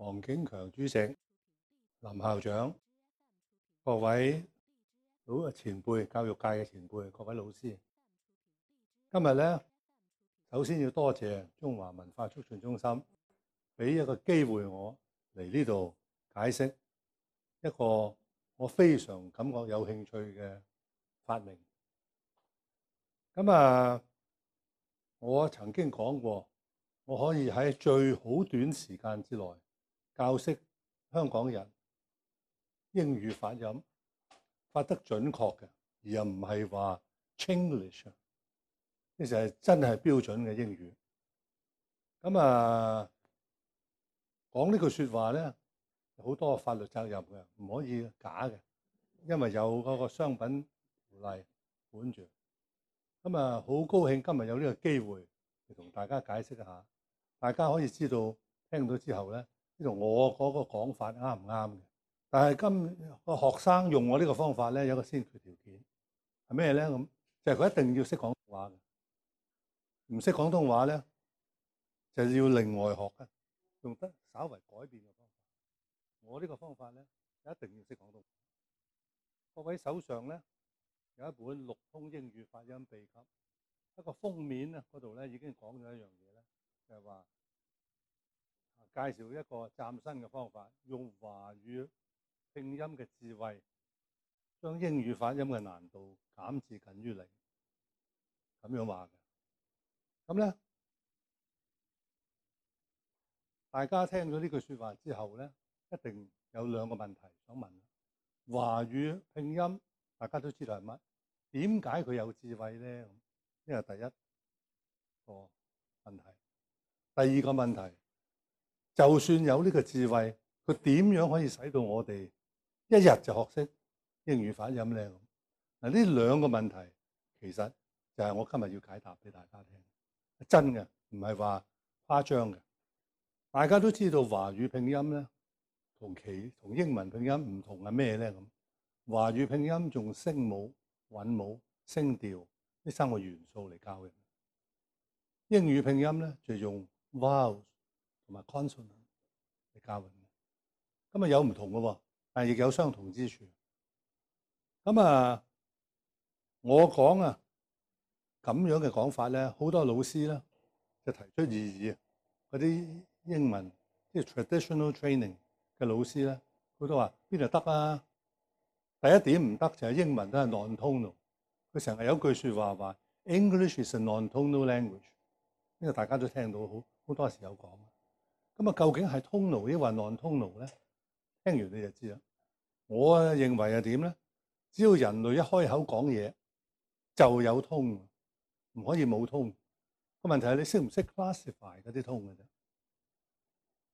黃景強主席、林校長、各位老嘅前輩、教育界嘅前輩、各位老師，今日咧，首先要多謝中華文化促進中心，俾一個機會我嚟呢度解釋一個我非常感覺有興趣嘅發明。咁啊，我曾經講過，我可以喺最好短時間之內。教識香港人英語發音發得準確嘅，而又唔係話 Chinglish，呢就係真係標準嘅英語。咁啊，講呢句説話咧，好多法律責任嘅，唔可以假嘅，因為有嗰個商品條例管住。咁啊，好高興今日有呢個機會嚟同大家解釋一下，大家可以知道，聽到之後咧。呢度我嗰個講法啱唔啱嘅？但係今個學生用我呢個方法咧，有一個先決條件係咩咧？咁就佢一定要識講話，唔識廣東話咧，就要另外學噶，用得稍為改變嘅方法。我呢個方法咧，一定要識廣東話。各位手上咧有一本《六通英語發音秘笈》，一個封面啊，嗰度咧已經講咗一樣嘢咧，就係話。介紹一個嶄新嘅方法，用華語拼音嘅智慧，將英語發音嘅難度減至近於零。咁樣話嘅，咁咧，大家聽咗呢句說話之後咧，一定有兩個問題想問：華語拼音大家都知道係乜？點解佢有智慧咧？呢係第一個問題。第二個問題。就算有呢個智慧，佢點樣可以使到我哋一日就學識英語發音咧？咁嗱，呢兩個問題其實就係我今日要解答俾大家聽，是真嘅，唔係話誇張嘅。大家都知道華語拼音咧，同其同英文拼音唔同係咩咧？咁華語拼音仲用聲母、韻母、聲調呢三個元素嚟教嘅，英語拼音咧就用 vowels 同埋 consolidation 嚟教嘅，咁啊有唔同嘅，但係亦有相同之處。咁啊，我講啊咁樣嘅講法咧，好多老師咧就提出異議啊。啲英文即係 traditional training 嘅老師咧，佢都話邊度得啊？第一點唔得就係英文都係 non-tonal，佢成日有句說話話：English is a non-tonal language。呢個大家都聽到，好好多時有講。咁啊，究竟係 tonal 抑或 non-tonal 咧？聽完你就知啦。我認為係點咧？只要人類一開口講嘢，就有通，唔可以冇通。個問題係你識唔識 classify 嗰啲通嘅啫。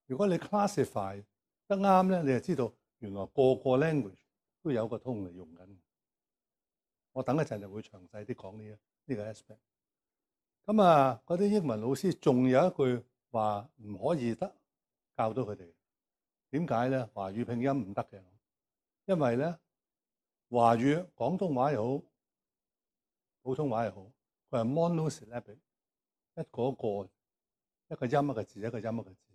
如果你 classify 得啱咧，你就知道原來個個 language 都有個通嚟用緊。我等一陣就會詳細啲講呢個呢個 aspect。咁啊，嗰啲英文老師仲有一句。話唔可以得教到佢哋點解咧？華語拼音唔得嘅，因為咧華語廣東話又好，普通話又好，佢係 monosyllabic 一個一個一個音一個字一個音一個字。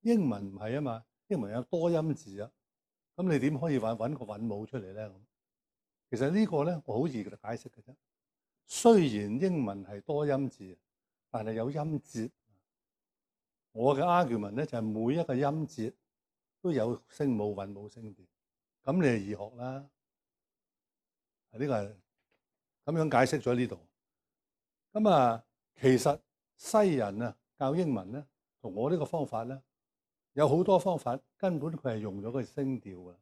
英文唔係啊嘛，英文有多音字啊，咁你點可以揾揾個韻母出嚟咧？咁其實這個呢個咧我好易解釋嘅啫。雖然英文係多音字，但係有音節。我嘅 argument 咧就係每一個音節都有聲冇韻冇聲調，咁你係易學啦。呢個係咁樣解釋咗呢度。咁啊，其實西人啊教英文咧，同我呢個方法咧，有好多方法根本佢係用咗佢個聲調噶，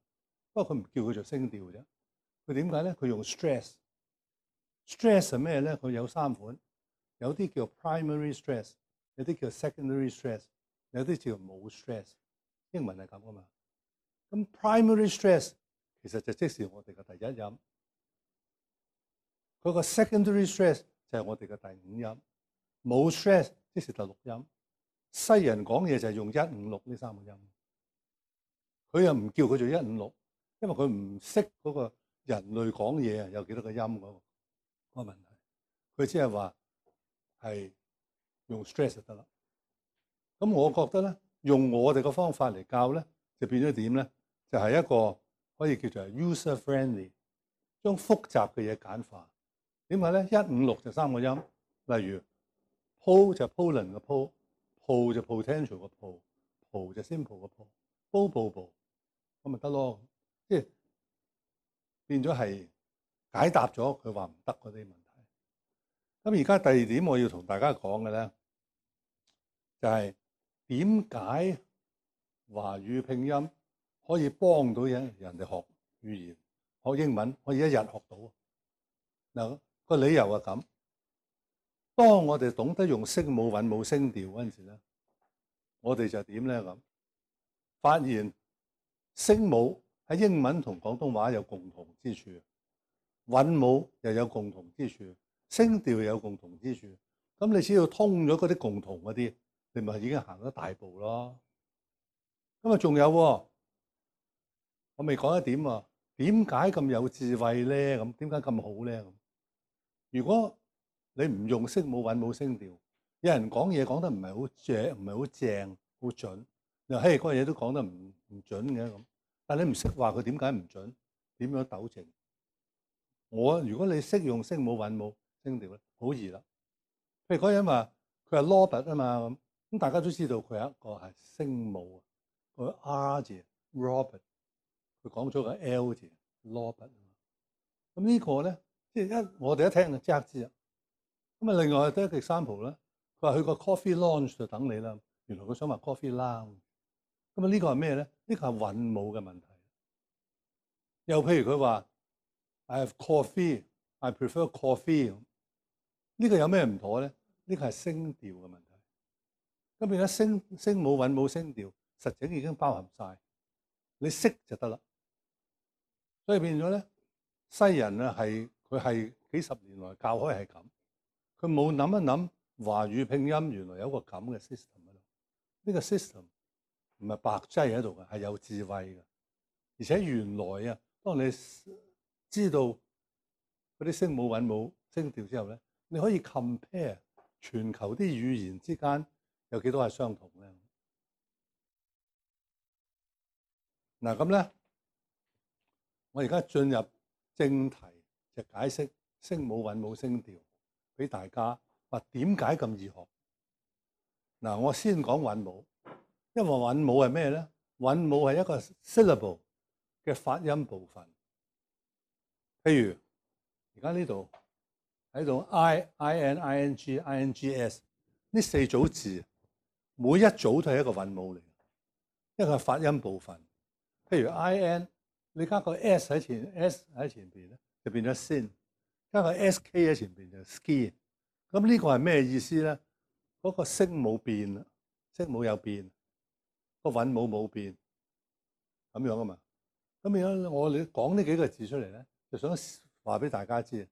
不過佢唔叫佢做聲調啫。佢點解咧？佢用 stress, stress。stress 係咩咧？佢有三款，有啲叫 primary stress。有啲叫 secondary stress，有啲叫冇 stress。英文係咁啊嘛。咁 primary stress 其實就即是我哋嘅第一音，佢個 secondary stress 就係我哋嘅第五音，冇 stress 即係就第六音。西人講嘢就係用一五六呢三個音，佢又唔叫佢做一五六，因為佢唔識嗰個人類講嘢啊有幾多個音嗰個問題，佢只係話係，用 stress 就得啦。咁、嗯、我覺得呢，用我哋嘅方法嚟教呢，就變咗點呢？就係一個可以叫做 user friendly，將複雜嘅嘢簡化。點解呢？一五六就三個音，例如 po 就 pollen 嘅 po，po 就 potential 嘅 po，po 就 simple 嘅 po，bubble bubble 咁咪得囉。即係變咗係解答咗佢話唔得嗰啲問題。咁而家第二點我要同大家講嘅呢。就係點解華語拼音可以幫到人人哋學語言、學英文可以一日學到嗱，個理由係咁：當我哋懂得用聲母、韻母、聲調嗰陣時咧，我哋就點咧咁？發現聲母喺英文同廣東話有共同之處，韻母又有共同之處，聲調有共同之處。咁你只要通咗嗰啲共同嗰啲。你咪已經行咗大步咯。咁啊，仲有我未講一點啊？點解咁有智慧咧？咁點解咁好咧？如果你唔用聲母韻母聲調，有人講嘢講得唔係好正，唔係好正，好準。你話嘿嗰嘢、那個、都講得唔唔準嘅咁，但係你唔識話佢點解唔準，點樣糾正？我如果你識用聲母韻母聲調咧，好易啦。譬如嗰個人話佢係羅拔啊嘛咁。咁大家都知道佢有一個係聲母啊，個 R 字 Robert，佢講咗個 L 字 Robert。咁呢個咧，即係一我哋一聽就即刻知啦。咁啊，另外第一個 example 咧，佢話去個 coffee launch 就等你啦。原來佢想話 coffee lounge。咁啊，呢、這個係咩咧？呢個係韻母嘅問題。又譬如佢話 I have coffee，I prefer coffee。呢個有咩唔妥咧？呢、這個係聲調嘅問題。咁變咗聲，聲母、韻母、聲調，實情已經包含晒，你識就得啦。所以變咗咧，西人啊，係佢係幾十年來教開係咁，佢冇諗一諗華語拼音原來有個咁嘅 system 喺度，呢個 system 唔係白擠喺度嘅，係有智慧嘅。而且原來啊，當你知道嗰啲聲母、韻母、聲調之後咧，你可以 compare 全球啲語言之間。有幾多係相同咧？嗱咁咧，我而家進入正題，就解釋聲母、韻母、聲調俾大家。話點解咁易學？嗱，我先講韻母，因為韻母係咩咧？韻母係一個 syllable 嘅發音部分。譬如而家呢度喺度 i i n i n g i n g s 呢四組字。每一組都係一個韻母嚟，因為佢係發音部分。譬如 i n，你加個 s 喺前，s 喺前邊咧就變咗 sin；加個 s k 喺前邊就 ski。咁呢個係咩意思咧？嗰、嗰個聲母冇變，聲母冇有變，個韻母冇變，咁樣啊嘛。咁樣我你講呢幾個字出嚟咧，就想話俾大家知，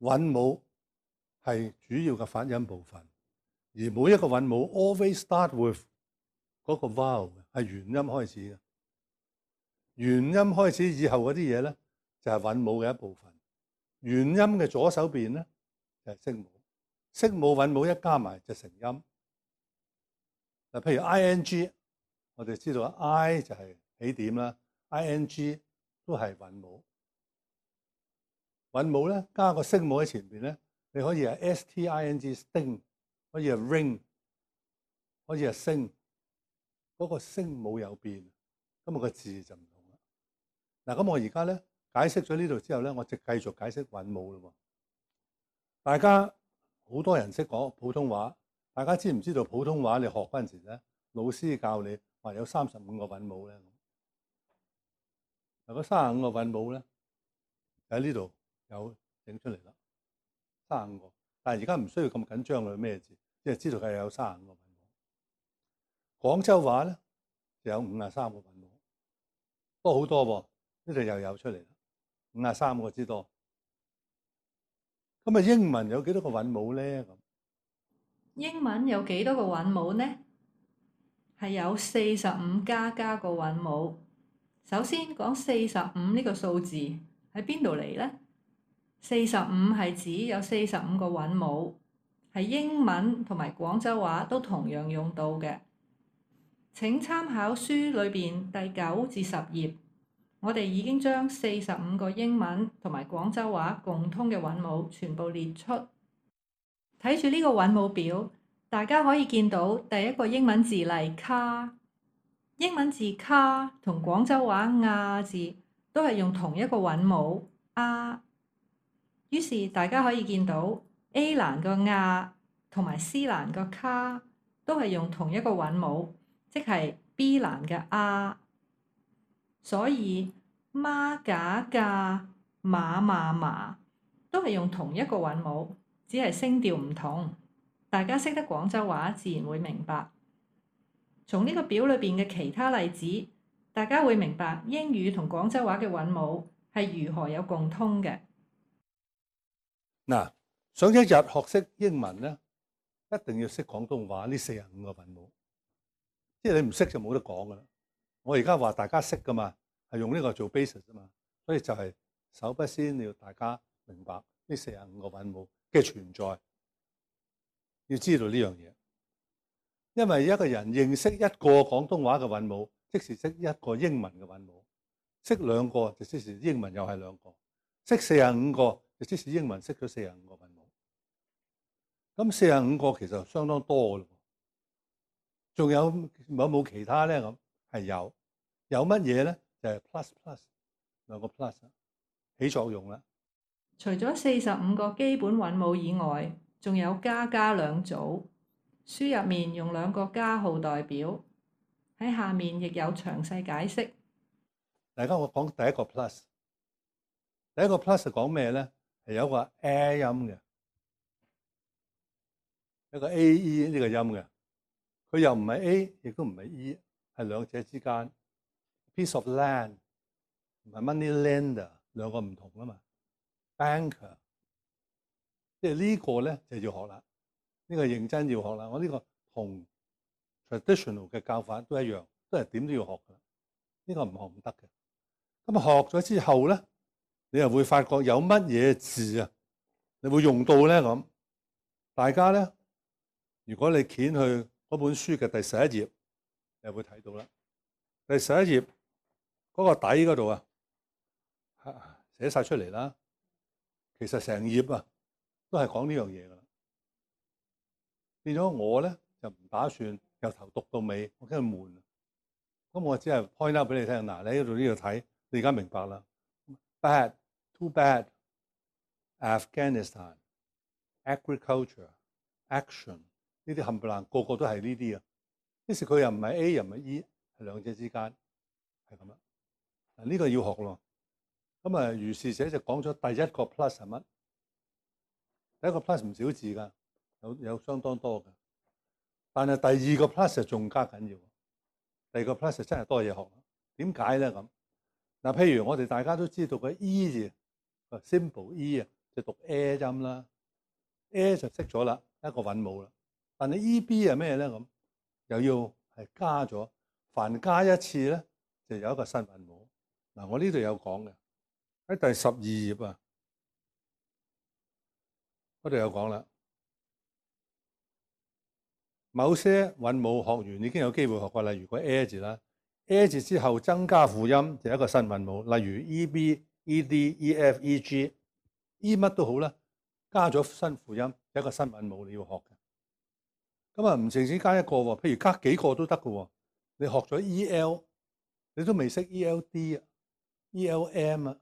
韻母係主要嘅發音部分。而每一個韻母 always start with 嗰個 vowel 係元音開始嘅，元音開始以後嗰啲嘢咧就係、是、韻母嘅一部分。元音嘅左手邊咧就係、是、聲母，聲母韻母一加埋就是、成音。嗱，譬如 ing，我哋知道啊，i 就係起點啦，ing 都係韻母。韻母咧加個聲母喺前邊咧，你可以係 sting, string 可以係 ring，可以係 sing，嗰、那個聲冇有變，咁啊個字就唔同啦。嗱，咁我而家咧解釋咗呢度之後咧，我就繼續解釋韻母啦。大家好多人識講普通話，大家知唔知道普通話你學嗰陣時咧，老師教你話有三十五個韻母咧。嗱，嗰三十五個韻母咧喺呢度有整出嚟啦，三十五個。但係而家唔需要咁緊張啦，咩字？即係知道佢有三十五個韻母，廣州話咧有五廿三個韻母，哦、多好多噃？呢度又有出嚟五廿三個之多。咁啊，英文有幾多個韻母咧？咁英文有幾多個韻母呢？係有四十五加加個韻母。首先講四十五呢個數字喺邊度嚟咧？四十五係指有四十五個韻母。係英文同埋廣州話都同樣用到嘅。請參考書裏面第九至十頁，我哋已經將四十五個英文同埋廣州話共通嘅韻母全部列出。睇住呢個韻母表，大家可以見到第一個英文字例卡，英文字卡同廣州話亞、啊、字都係用同一個韻母啊。於是大家可以見到。A 欄個亞同埋 C 欄個卡都係用同一個韻母，即係 B 欄嘅啊。所以媽假架馬嘛嘛都係用同一個韻母，只係聲調唔同。大家識得廣州話，自然會明白。從呢個表裏邊嘅其他例子，大家會明白英語同廣州話嘅韻母係如何有共通嘅。嗱。想一日學識英文咧，一定要識廣東話呢四十五個韻母，即係你唔識就冇得講噶啦。我而家話大家識噶嘛，係用呢個做 basis 啫嘛，所以就係首不先要大家明白呢四十五個韻母嘅存在，要知道呢樣嘢。因為一個人認識一個廣東話嘅韻母，即是識一個英文嘅韻母；識兩個就即是英文又係兩個；識四十五個就即是英文識咗四十五個。咁四十五個其實相當多嘅咯，仲有有冇其他咧？咁係有，有乜嘢咧？就係、是、plus plus 兩個 plus 起作用啦。除咗四十五個基本韻母以外，仲有加加兩組，書入面用兩個加號代表，喺下面亦有詳細解釋。大家我講第一個 plus，第一個 plus 講咩咧？係有個 a 音嘅。一個 A E 呢個音嘅，佢又唔係 A，亦都唔係 E，係兩者之間。A、piece of land 唔係 money lender，兩個唔同啊嘛。banker，即係呢個咧就要學啦，呢、呢個認真要學啦。我、呢、呢個同 traditional 嘅教法都一樣，都係點都要學噶。呢、呢個唔學唔得嘅。咁啊學咗之後咧，你又會發覺有乜嘢字啊，你會用到咧咁，大家咧。如果你掀去嗰本書嘅第十一頁，你就會睇到啦。第十一頁嗰、嗰個底嗰度啊，啊，寫晒出嚟啦。其實成頁啊都係講呢樣嘢噶啦。變咗我咧就唔打算由頭讀到尾，我驚悶。咁我只係 point out 俾你聽。嗱，你喺度呢度睇，你而家明白啦。Bad, too bad. Afghanistan agriculture action. 呢啲冚唪唥個個都係呢啲啊！即是佢又唔係 A 又唔係 E，兩者之間係咁樣，呢個要學咯。咁啊，如是者就講咗第一個 Plus 係乜？第一個 Plus 唔少字噶，有有相當多㗎。但係第二個 Plus 就仲加緊要。第二個 Plus 真係多嘢學。點解咧咁？嗱，譬如我哋大家都知道個 E 字，啊 simple E 啊，就讀 A 音啦，A 就識咗啦，一個韻母啦。但你 E B 係咩咧？咁又要係加咗，凡加一次咧，就有一個新韻母。嗱，我呢度有講嘅喺第十二頁啊，嗰度有講啦。某些韻母學員已經有機會學過，例如個 A 字啦，A 字之後增加輔音就係一個新韻母，例如 EB, ED, EF, EG, E B、E D、E F、E G、E 乜都好啦，加咗新輔音，有一個新韻母你要學嘅。咁啊，唔淨止加一個喎、哦，譬如加幾個都得㗎喎。你學咗 E.L.，你都未識 E.L.D. 啊、E.L.M. 啊、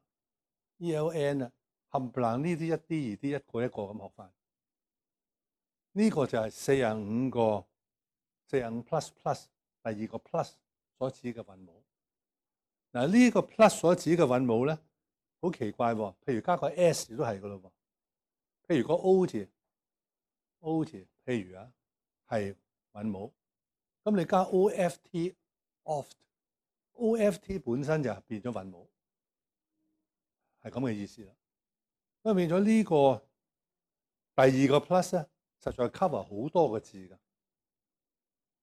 E.L.N. 啊，冚唪唥呢啲一啲二啲一個一個咁學翻。呢、這個就係四十五個四十五 Plus Plus 第二個 Plus 所指嘅韻母。嗱，呢個 Plus 所指嘅韻母咧，好奇怪喎、哦。譬如加個 S 都係㗎喇喎。譬如個 O 字、O 字，譬如啊。係韻母，咁你加 o f t OFT, oft 本身就係變咗韻母，係咁嘅意思啦。咁變咗呢、這個第二個 plus 咧，實在 cover 好多個字㗎，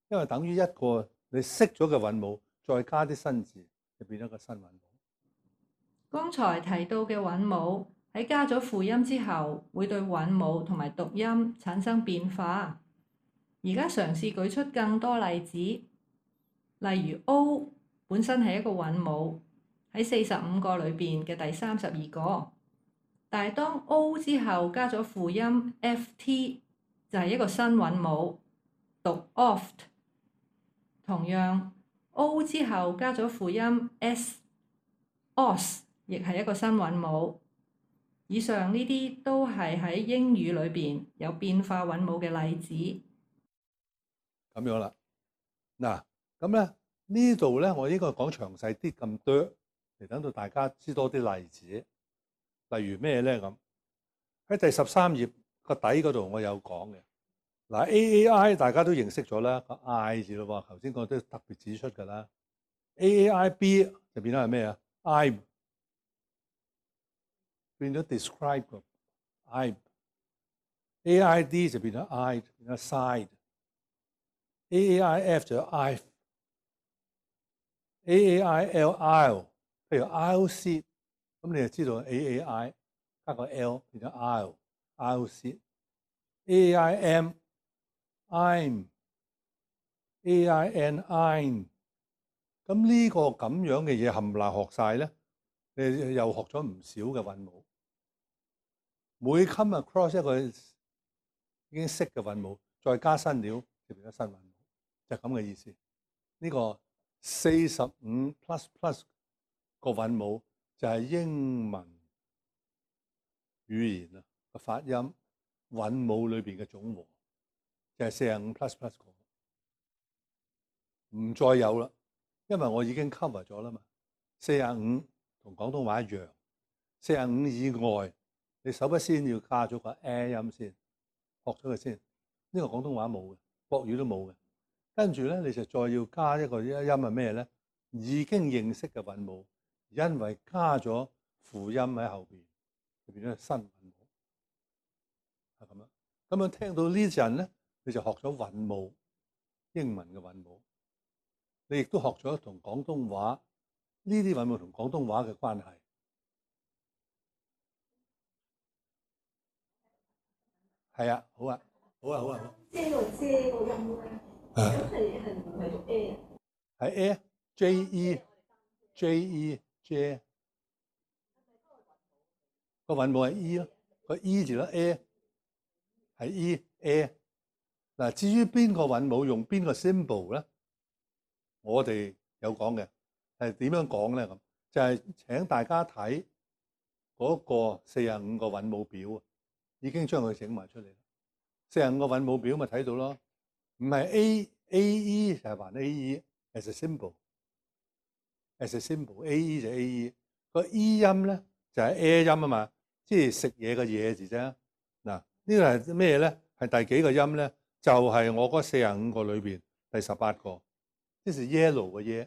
因為等於一個你識咗嘅韻母，再加啲新字，就變咗個新韻母。剛才提到嘅韻母喺加咗輔音之後，會對韻母同埋讀音產生變化。而家嘗試舉出更多例子，例如 O 本身係一個韻母，喺四十五個裏面嘅第三十二個，但係當 O 之後加咗輔音 f t 就係一個新韻母，讀 oft。同樣 O 之後加咗輔音 s，os 亦係一個新韻母。以上呢啲都係喺英語裏面有變化韻母嘅例子。咁樣啦，嗱，咁咧呢度咧，我應該講詳細啲咁多，嚟等到大家知多啲例子，例如咩咧咁？喺第十三頁個底嗰度，我有講嘅。嗱，A A I 大家都認識咗啦，個 I 字咯，頭先講都特別指出噶啦。A A I B 就變咗係咩啊？I 變咗 describe，I A I D 就變咗 I 變咗 side。A A I F 就 I，A A I L I O，譬如 I O C，咁你就知道 A A I 加個 L 變咗 I O I O C，A A I M，I M，A I N I，咁呢個咁樣嘅嘢冚唪唥學晒咧，你又學咗唔少嘅韻母，每 come across 一個已經識嘅韻母，再加新料就變咗新韻。就咁、是、嘅意思，呢、這個四十五 plus plus 個韻母就係英文語言啊發音韻母裏邊嘅總和，就係四十五 plus plus 個，唔再有啦，因為我已經 cover 咗啦嘛。四十五同廣東話一樣，四十五以外，你首不先要加咗個誒音先，學咗佢先。呢、這個廣東話冇嘅，國語都冇嘅。跟住咧，你就再要加一個音，係咩咧？已經認識嘅韻母，因為加咗輔音喺後邊，就變咗新韻母，係咁樣！咁樣聽到這陣呢陣咧，你就學咗韻母，英文嘅韻母，你亦都學咗同廣東話呢啲韻母同廣東話嘅關係。係啊，好啊，好啊，好啊，好。好係 A，j e j e j 個韻母係 E 咯，個 E 字咯 A 係 E A 嗱，至於邊個韻母用邊個 symbol 咧，我哋有講嘅，係點樣講咧咁，就係、是、請大家睇嗰個四廿五個韻母表啊，已經將佢整埋出嚟，四廿五個韻母表咪睇到咯。唔係 A A E 就係還 A E as a symbol as a symbol A E 就 A E 個 E 音咧就係、是、A 音啊嘛，即係食嘢嘅嘢字啫。嗱、這個、呢個係咩咧？係第幾個音咧？就係、是、我嗰四十五個裏邊第十八個。呢是 yellow 嘅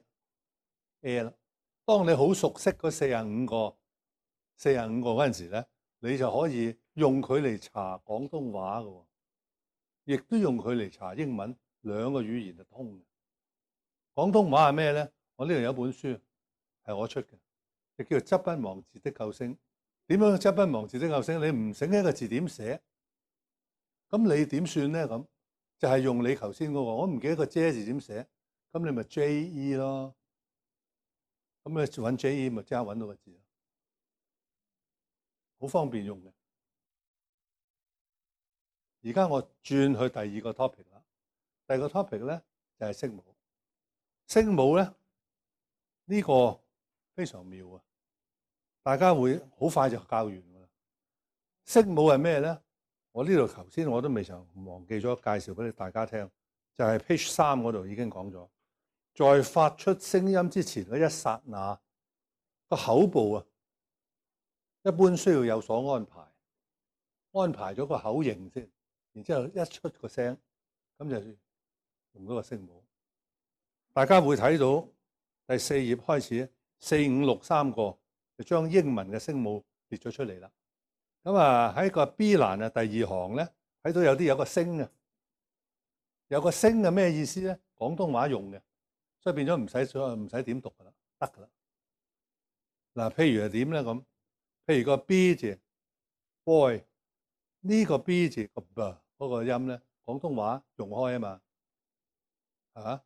ye 啦。當你好熟悉嗰四十五個四十五個嗰陣時咧，你就可以用佢嚟查廣東話噶。亦都用佢嚟查英文，兩個語言就通嘅。廣東話係咩咧？我呢度有一本書係我出嘅，叫做《執筆忘字的救星》。點樣執筆忘字的救星？你唔醒呢個字點寫？咁你點算咧？咁就係、是、用你頭先嗰個。我唔記得個 J 字點寫，咁你咪 J E 咯。咁你揾 J E 咪即刻揾到個字，好方便用嘅。而家我轉去第二個 topic 啦。第二個 topic 咧就係、是、聲母。聲母咧呢、呢個非常妙啊！大家會好快就教完㗎啦。聲母係咩咧？我呢度頭先我都未曾忘記咗，介紹俾大家聽，就係、是、page 三嗰度已經講咗。在發出聲音之前嗰一剎那，個口部啊，一般需要有所安排，安排咗個口型先。然之後一出個聲，咁就用嗰個聲母。大家會睇到第四頁開始，四五六三個就將英文嘅聲母列咗出嚟啦。咁啊喺個 B 欄啊第二行咧，睇到有啲有個聲啊，有個聲係咩意思咧？廣東話用嘅，所以變咗唔使唔使點讀噶啦，得噶啦。嗱，譬如係點咧咁？譬如個 B 字，boy。呢個 B 字個嗰個音咧，廣東話用開啊嘛，嚇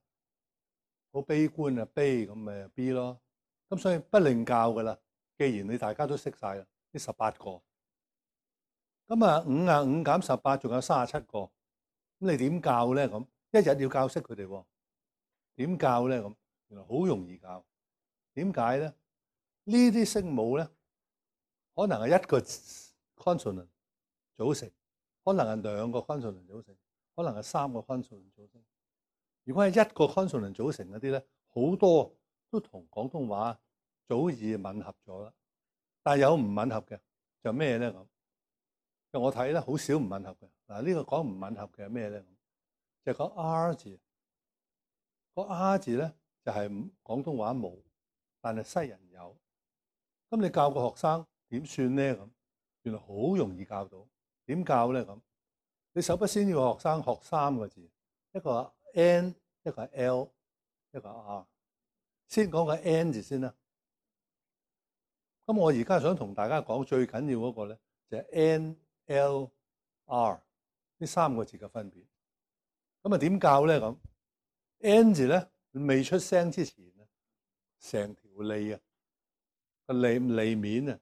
好悲觀啊悲咁咪 B 咯，咁所以不另教噶啦。既然你大家都識晒啦，呢十八個，咁啊五啊五減十八，仲有三十七個，咁你點教咧？咁一日要教識佢哋，點教咧？咁原來好容易教，點解咧？呢啲聲母咧，可能係一個 consonant。組成可能係兩個昆 o n s 組成，可能係三個昆 o n s 組成。如果係一個昆 o n s 組成嗰啲咧，好多都同廣東話早已吻合咗啦。但係有唔吻合嘅，就咩咧咁？就我睇咧，好少唔吻合嘅。嗱，呢個講唔吻合嘅係咩咧？就講、是、R 字，個 R 字咧就係、是、廣東話冇，但係西人有。咁你教個學生點算咧咁？原來好容易教到。點教咧咁？你首不先要學生學三個字，一個 N，一個 L，一個 R。先講個 N 字先啦。咁我而家想同大家講最緊要嗰個咧，就係 N、L、R 呢三個字嘅分別。咁啊點教咧咁？N 字咧未出聲之前咧，成條脷啊個脷脷面啊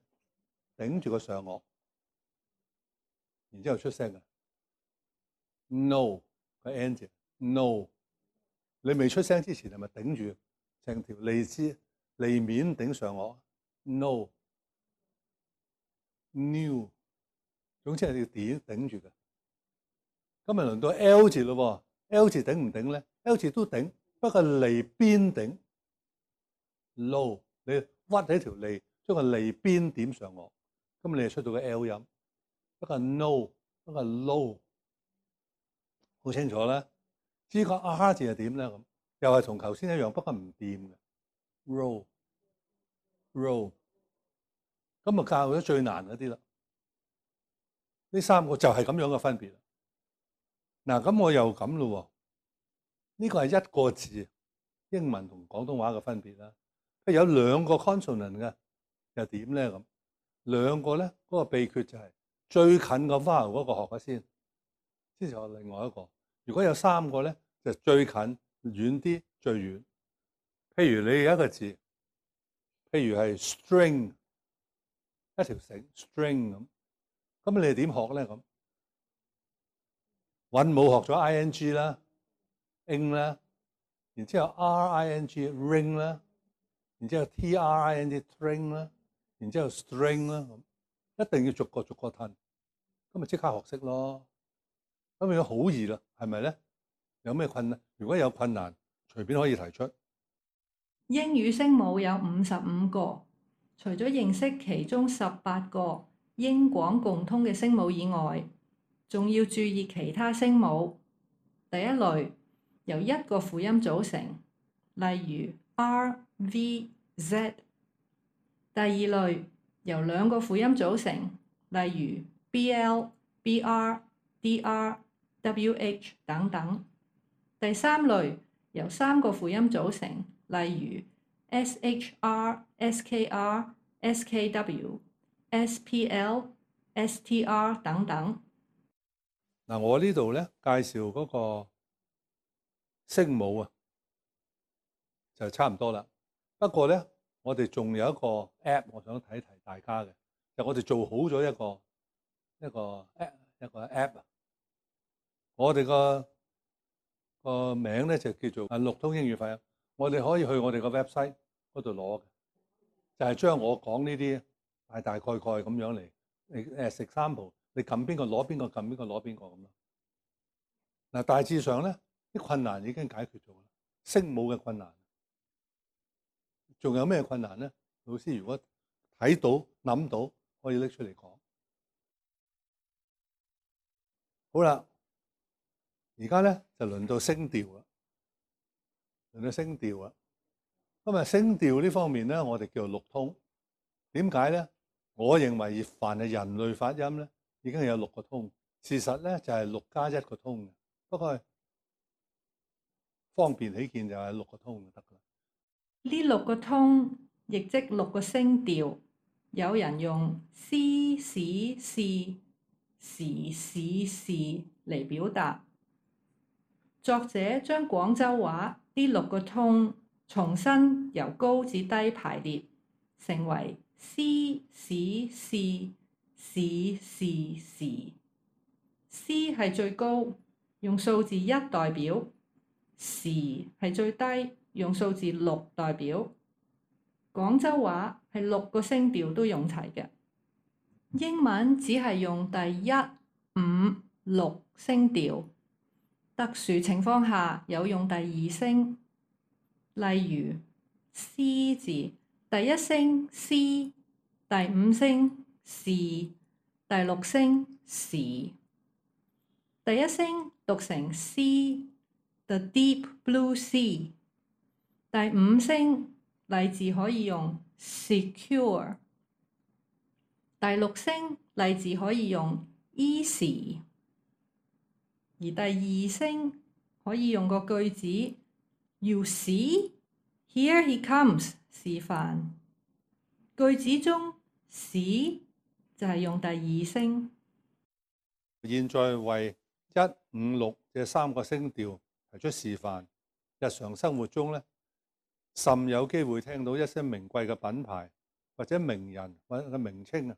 頂住個上顎。然之後出聲嘅，no 佢 a n s w n o 你未出聲之前係咪頂住成條脷枝，脷面頂上我？no，new，總之係要點頂住嘅。今日輪到 L 字咯，L 字頂唔頂咧？L 字都頂，不過脷邊頂。no，你屈起條脷，將個脷邊點上我。今日你係出到個 L 音。不過 no，不過 low，好清楚咧。這個啊、呢個 r 字係點咧？咁又係同頭先一樣，不過唔掂嘅。row，row，咁啊教咗最難嗰啲啦。呢三個就係咁樣嘅分別。嗱，咁我又咁咯喎。呢、這個係一個字，英文同廣東話嘅分別啦。佢有兩個 consonant 嘅，又點咧？咁兩個咧，嗰、那個秘訣就係、是。最近個花嗰個學嘅先，先學另外一個。如果有三個咧，就最近、遠啲、最遠。譬如你有一個字，譬如係 string，一條繩，string 咁，咁你點學咧？咁韻母學咗 ing 啦，ing 啦，然之後 ring 啦，ring 啦，然之後 tring 啦，tring 啦，然之後 string 啦，咁一定要逐個逐個吞。咁咪即刻學識咯，咁咪好易啦，係咪咧？有咩困難？如果有困難，隨便可以提出。英語聲母有五十五個，除咗認識其中十八個英廣共通嘅聲母以外，仲要注意其他聲母。第一類由一個輔音組成，例如 R、V、Z。第二類由兩個輔音組成，例如。B L B R D R W H 等等，第三類由三個輔音組成，例如 S H R S K R S K W S P L S T R 等等。嗱、啊，我這裡呢度呢介紹嗰個聲母啊，就差唔多啦。不過呢，我哋仲有一個 App，我想提一提大家嘅，就是、我哋做好咗一個。一個，啊、一個 app，一個 app 啊！我哋個、這個名咧就叫做啊，六通英語發音。我哋可以去我哋個 website 度攞，就係、是、將我講呢啲大大概概咁樣嚟你誒 example 你撳邊個攞邊個撳邊個攞邊個咁咯。嗱，大致上咧啲困難已經解決咗啦。識冇嘅困難，仲有咩困難咧？老師如果睇到諗到，可以拎出嚟講。好啦，而家咧就輪到聲調啦，輪到聲調啦。咁啊，聲調呢方面咧，我哋叫做六通。點解咧？我認為凡係人類發音咧，已經係有六個通。事實咧就係、是、六加一個通，不過方便起見就係六個通就得噶啦。呢六個通亦即六個聲調，有人用詩、史、事。詩、史、事嚟表達，作者將廣州話呢六個通重新由高至低排列，成為詩、史、試、市、事、時。詩係最高，用數字一代表；時係最低，用數字六代表。廣州話係六個聲調都用齊嘅。英文只係用第一、五、六聲調，特殊情況下有用第二聲。例如“ C 字，第一聲“ C，第五聲 “C”，第六聲 “C”。第一聲讀成“ C，the deep blue sea。第五聲例子可以用 secure。第六聲例字可以用 easy，而第二聲可以用個句子 you see here he comes 示範。句子中 see 就係用第二聲。現在為一五六這三個聲調提出示範。日常生活中呢，甚有機會聽到一些名貴嘅品牌或者名人或者個名稱啊。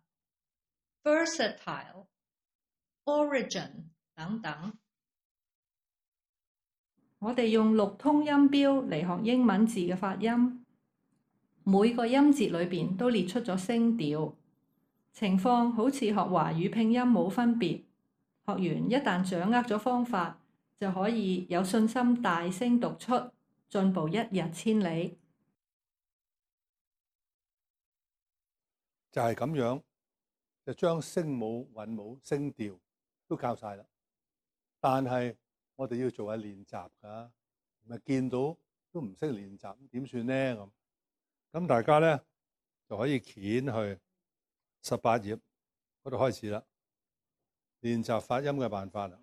Versatile、Origin 等等，我哋用六通音標嚟學英文字嘅發音，每個音節裏邊都列出咗聲調，情況好似學華語拼音冇分別。學員一旦掌握咗方法，就可以有信心大聲讀出，進步一日千里。就係咁樣。就將聲母、韻母、聲調都教晒啦。但係我哋要做下練習㗎，咪見到都唔識練習，咁點算呢？咁咁大家咧就可以遣去十八頁嗰度開始啦。練習發音嘅辦法啦。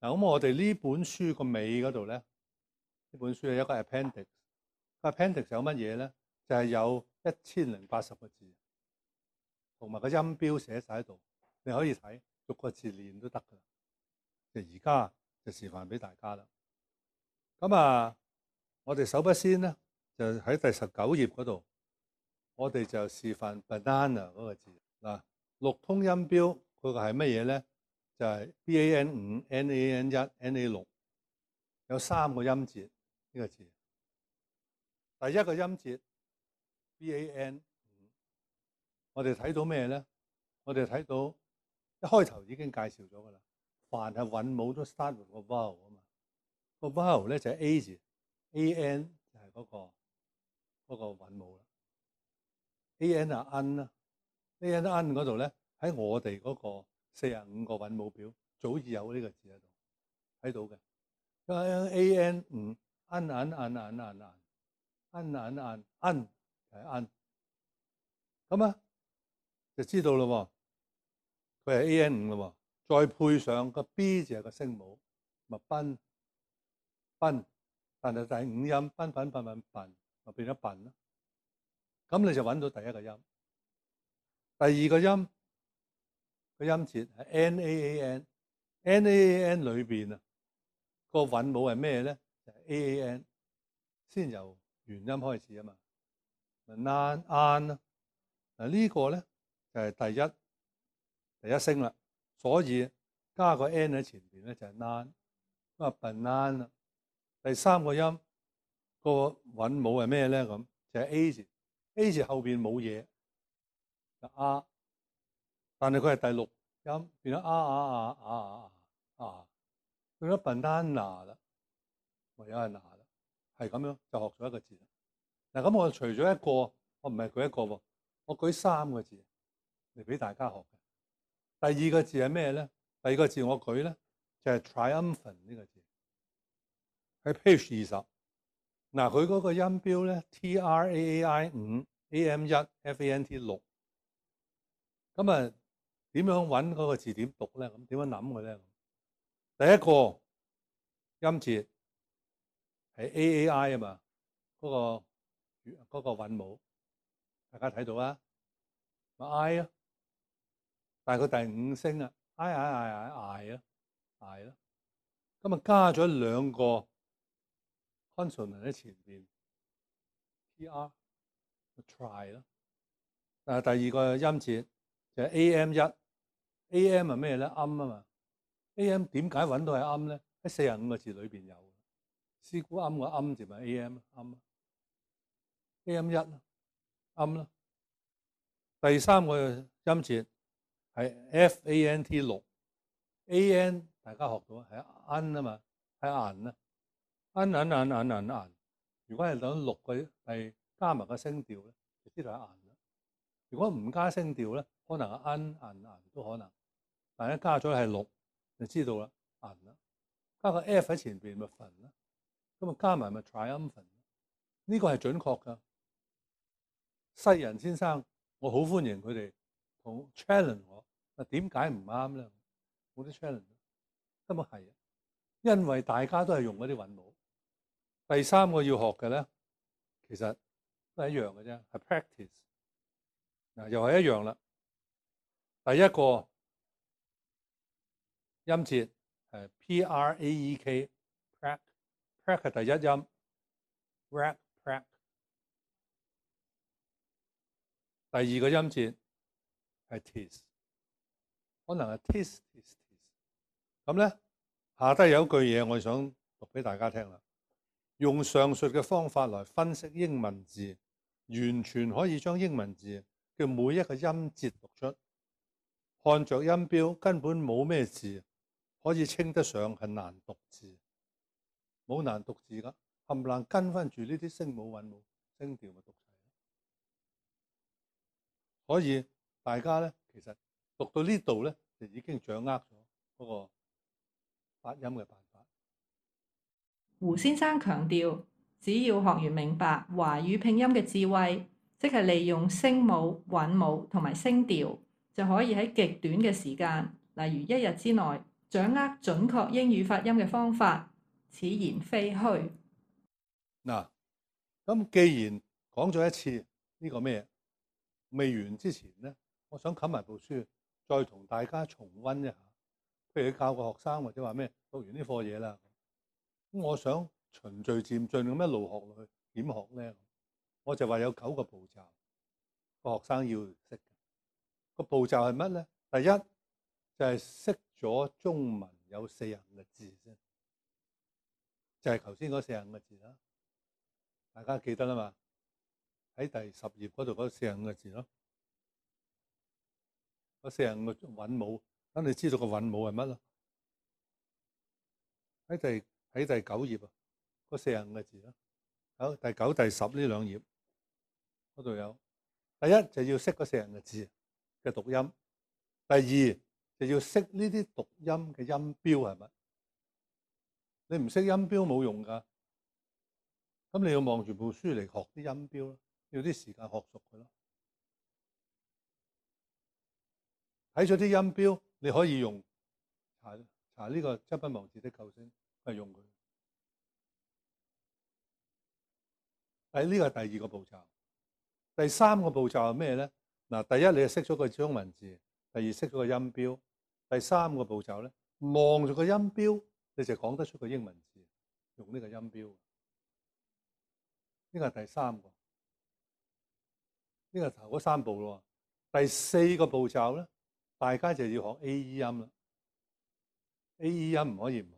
嗱，咁我哋呢本書個尾嗰度咧，呢本書有一個 appendix。appendix 有乜嘢咧？就係、是、有。一千零八十個字，同埋個音標寫晒喺度，你可以睇逐個字練都得㗎。就而家就示範俾大家啦。咁啊，我哋首不先首筆先咧，就喺第十九頁嗰度，我哋就示範 banana 嗰個字嗱，六通音標佢個係乜嘢咧？就係 b a n 五 n a n 一 n a 六，有三個音節呢、這個字。第一個音節。ban，我哋睇到咩咧？我哋睇到一開頭已經介紹咗噶啦。凡係韻母都 start with 個 vowel 啊嘛。個 vowel 咧就係 a 字，an 係嗰個嗰個韻母啦。an 啊 n 啊 a n n 嗰度咧喺我哋嗰個四十五個韻母表，早已有呢個字喺度，睇到嘅。咁 an an 嗯，n n n n n n n n n n 係 n 咁啊，咁就知道咯喎，佢係 an 五咯喎，再配上個 b 字嘅聲母，咪賓賓，但係就係五音，賓賓笨笨笨，咪變咗笨咯。咁你就揾到第一個音，第二個音個音節係 n a a n，n a a n 裏邊啊、個韻母係咩咧？就係 a a n 先由元音開始啊嘛。n an 嗱呢個咧就係、是、第一第一聲啦，所以加個 n 喺前邊咧就係 nan 咁啊 banana。第三個音、個韻母係咩咧？咁就係、a 字，a 字後邊冇嘢，就、啊。但係佢係第六音，變咗啊啊啊啊啊啊變、啊、咗、啊啊這個、banana 啦，唯有係嗱啦，係咁樣就學咗一個字嗱、啊，咁我除咗一個，我唔係舉一個喎，我舉三個字嚟俾大家學。第二個字係咩咧？第二個字我舉咧就係、是、triumphant 呢個字，喺 page 二十。嗱、啊，佢嗰個音標咧 t r a a i 五 a m 一 f a n t 六。咁、嗯、啊，點樣揾嗰個字點讀咧？咁點樣諗佢咧？第一個音節係 a a i 啊嘛，嗰、嗰個嗰個韻母，大家睇到啊，咪 I 咯，但係佢第五聲啊，I I I I I 咯，I 咯，咁啊加咗兩個 consonant 喺前邊，TR，try 咯。誒，第二個音節就係 AM 一，AM 係咩咧？啱啊嘛，AM 點解揾到係啱咧？喺四廿五個字裏邊有，師姑啱個啱字咪 AM 啱啊。A M 一啦，啱啦。第三個音節係 F A N T 六，A N 大家學到係 N 啊嘛，係銀啊，N 銀銀銀 N 銀。如果係攞六嘅，係加埋個聲調咧，就知道係銀啦。如果唔加聲調咧，可能阿 N 銀銀都可能，但係一加咗係六，就知道啦銀啦。加個 F 喺前邊咪份啦，咁啊加埋咪 Triumphant。呢、這個係準確噶。西人先生，我好歡迎佢哋同 challenge 我。嗱，點解唔啱咧？冇得 challenge，根本係因為大家都係用嗰啲韻母。第三個要學嘅咧，其實都係一樣嘅啫，係 practice。嗱、啊，又係一樣啦。第一個音節係 P-R-A-E-K，practice 係第一音 rap。第二個音節係 tis 可能 tis tis tis 咁咧下低有一句嘢，我想讀俾大家聽啦。用上述嘅方法來分析英文字，完全可以將英文字嘅每一個音節讀出。看着音標，根本冇咩字可以稱得上係難讀字，冇難讀字噶。冚唪唥跟翻住呢啲聲母、韻母、聲調咪讀。可以大家咧，其實讀到呢度咧，就已經掌握咗嗰個發音嘅辦法。胡先生強調，只要學員明白華語拼音嘅智慧，即係利用聲母、韻母同埋聲調，就可以喺極短嘅時間，例如一日之內，掌握準確英語發音嘅方法。此言非虛。嗱、啊，咁既然講咗一次呢、這個咩？未完之前咧，我想冚埋部書，再同大家重温一下。譬如你教個學生或者話咩，讀完啲課嘢啦。咁我想循序漸進咁一路學落去，點學咧？我就話有九個步驟，個學生要識。個步驟係乜咧？第一就係、是、識咗中文有四十五個字先，就係頭先嗰四十五個字啦。大家記得啦嘛。喺第十頁嗰度嗰四十五個字咯，四十五個韻母，咁你知道個韻母係乜咯？喺第喺第九頁啊，嗰四十五個字咯。好，第九、第十呢兩頁嗰度有。第一就要識嗰四十五個字嘅讀音，第二就要識呢啲讀音嘅音標係乜。你唔識音標冇用噶，咁你要望住部書嚟學啲音標咯。要啲時間學熟佢咯，睇咗啲音標，你可以用查查呢、這個《執筆忘字的救星》的構思嚟用佢。但呢個係第二個步驟，第三個步驟係咩咧？嗱，第一你係識咗個中文字，第二識咗個音標，第三個步驟咧，望住個音標，你就講得出個英文字，用呢個音標。呢個係第三個。呢個頭嗰三步咯，第四個步驟咧，大家就要學 A E 音啦。A E 音唔可以唔學，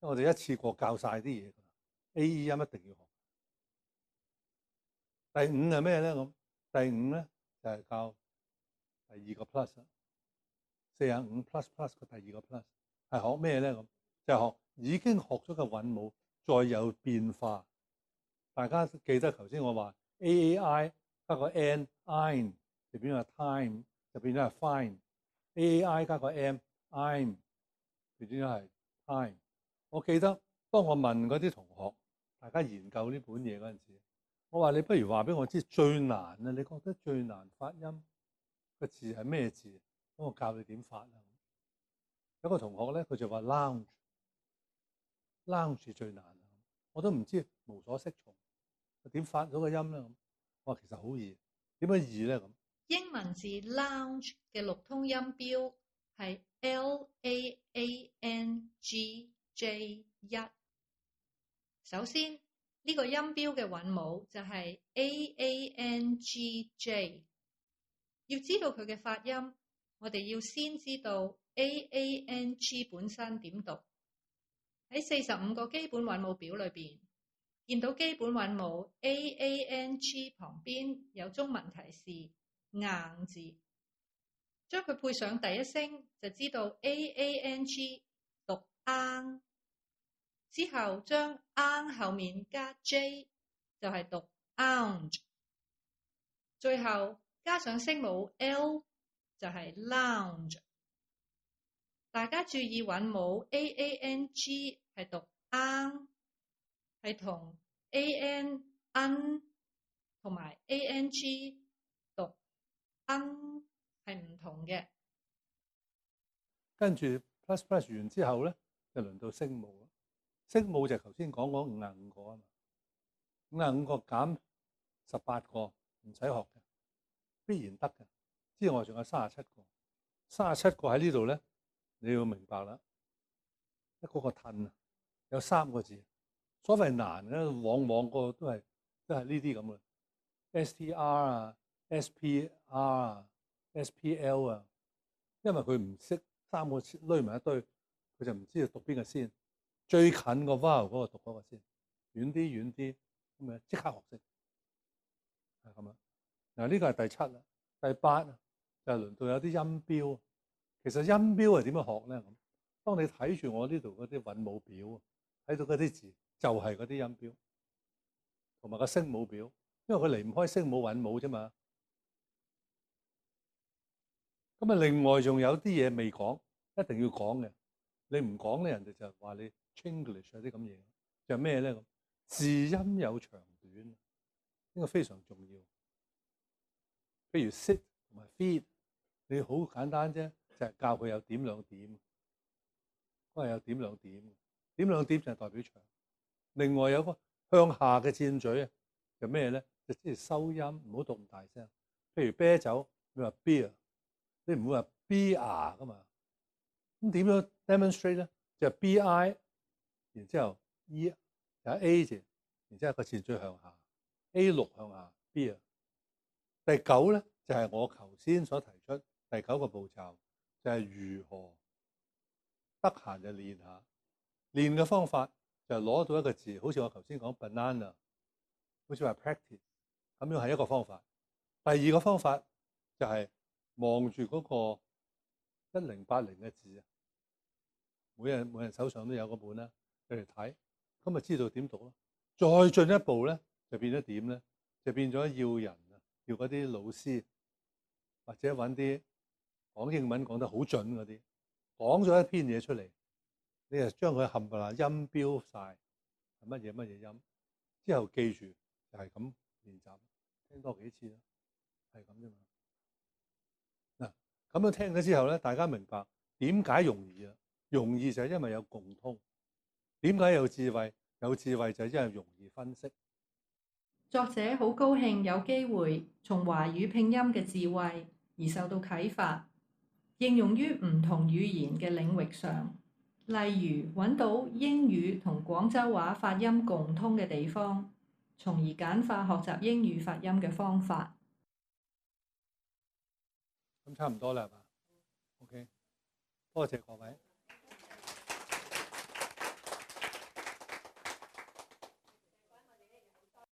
因為我哋一次過教晒啲嘢㗎。A E 音一定要學。第五係咩咧？咁第五咧就係、是、教第二個 Plus，四啊五 Plus Plus 個第二個 Plus 係學咩咧？咁就是、學已經學咗嘅韻母再有變化。大家記得頭先我話 A A I。加個 n i n e 就變咗 time，就變咗係 fine。A I 加個 m i m e 就變咗係 time。我記得當我問嗰啲同學，大家研究呢本嘢嗰陣時，我話你不如話俾我知最難啊，你覺得最難發音個字係咩字？咁我教你點發啊。有個同學咧，佢就話 lounge，lounge 最難，我都唔知道，無所適從，點發到個音咧？哇、哦，其實好易，點解易咧？咁英文字 lounge 嘅六通音標係 l a a n g j 一。首先呢、這個音標嘅韻母就係 a a n g j。要知道佢嘅發音，我哋要先知道 a a n g 本身點讀。喺四十五個基本韻母表裏面。見到基本韻母 a a n g 旁邊有中文提示硬字，將佢配上第一聲，就知道 a a n g 讀硬。之後將硬後面加 j 就係、是、讀硬，最後加上聲母 l 就係、是、lounge。大家注意韻母 a a n g 係讀硬。Ang 係同 a n n 同埋 a n g 讀 n 係唔同嘅，跟住 plus plus 完之後咧，就輪到聲母啦。聲母就頭先講過五十五個啊，五十五個減十八個唔使學嘅，必然得嘅。之外仲有三十七個，三十七個喺呢度咧，你要明白啦，一、那個個褪啊，有三個字。所謂難咧，往往個都係都係呢啲咁嘅，STR 啊、SPR 啊、SPL 啊，因為佢唔識三個攆埋一堆，佢就唔知道讀邊個先。最近個 vowel 嗰個讀嗰個先，遠啲遠啲咁啊，即刻學識係咁啊。嗱呢個係第七啦，第八就係輪到有啲音標。其實音標係點樣學咧？咁，當你睇住我呢度嗰啲韻母表，睇到嗰啲字。就係嗰啲音標同埋個聲母表，因為佢離唔開聲母韻母啫嘛。咁啊，另外仲有啲嘢未講，一定要講嘅。你唔講咧，人哋就話你 Chinglish 啊啲咁嘢。就咩咧咁？字音有長短，呢個非常重要。譬如 sit 同埋 feed，你好簡單啫，就係教佢有點兩點，嗰個係有點兩點，點兩點就係代表長。另外有個向下嘅箭嘴啊，就咩咧？就即係收音，唔好讀咁大聲。譬如啤酒，你話 beer，你唔會話 b r 噶嘛。咁點樣 demonstrate 咧？就係、b i，然之後 e 就係 a 字，然之後個箭嘴向下，a 六向下，beer。第九咧就係、是、我頭先所提出第九個步驟，就係、是、如何得閒就練下，練嘅方法。就攞到一個字，好似我頭先講 banana，好似話 practice，咁樣係一個方法。第二個方法就係望住嗰個一零八零嘅字啊，每人每人手上都有個本，你嚟睇，咁咪知道點讀咯。再進一步咧，就變咗點咧？就變咗要人啊，要嗰啲老師或者揾啲講英文講得好準嗰啲，講咗一篇嘢出嚟。你就將佢冚唪唥音標晒，乜嘢乜嘢音，之後記住就係咁練習，聽多幾次咯，係咁啫嘛。嗱，咁樣聽咗之後咧，大家明白點解容易啊？容易就係因為有共通。點解有智慧？有智慧就係因為容易分析。作者好高興有機會從華語拼音嘅智慧而受到啟發，應用於唔同語言嘅領域上。例如揾到英語同廣州話發音共通嘅地方，從而簡化學習英語發音嘅方法。咁差唔多啦，係嘛？OK，多謝各位。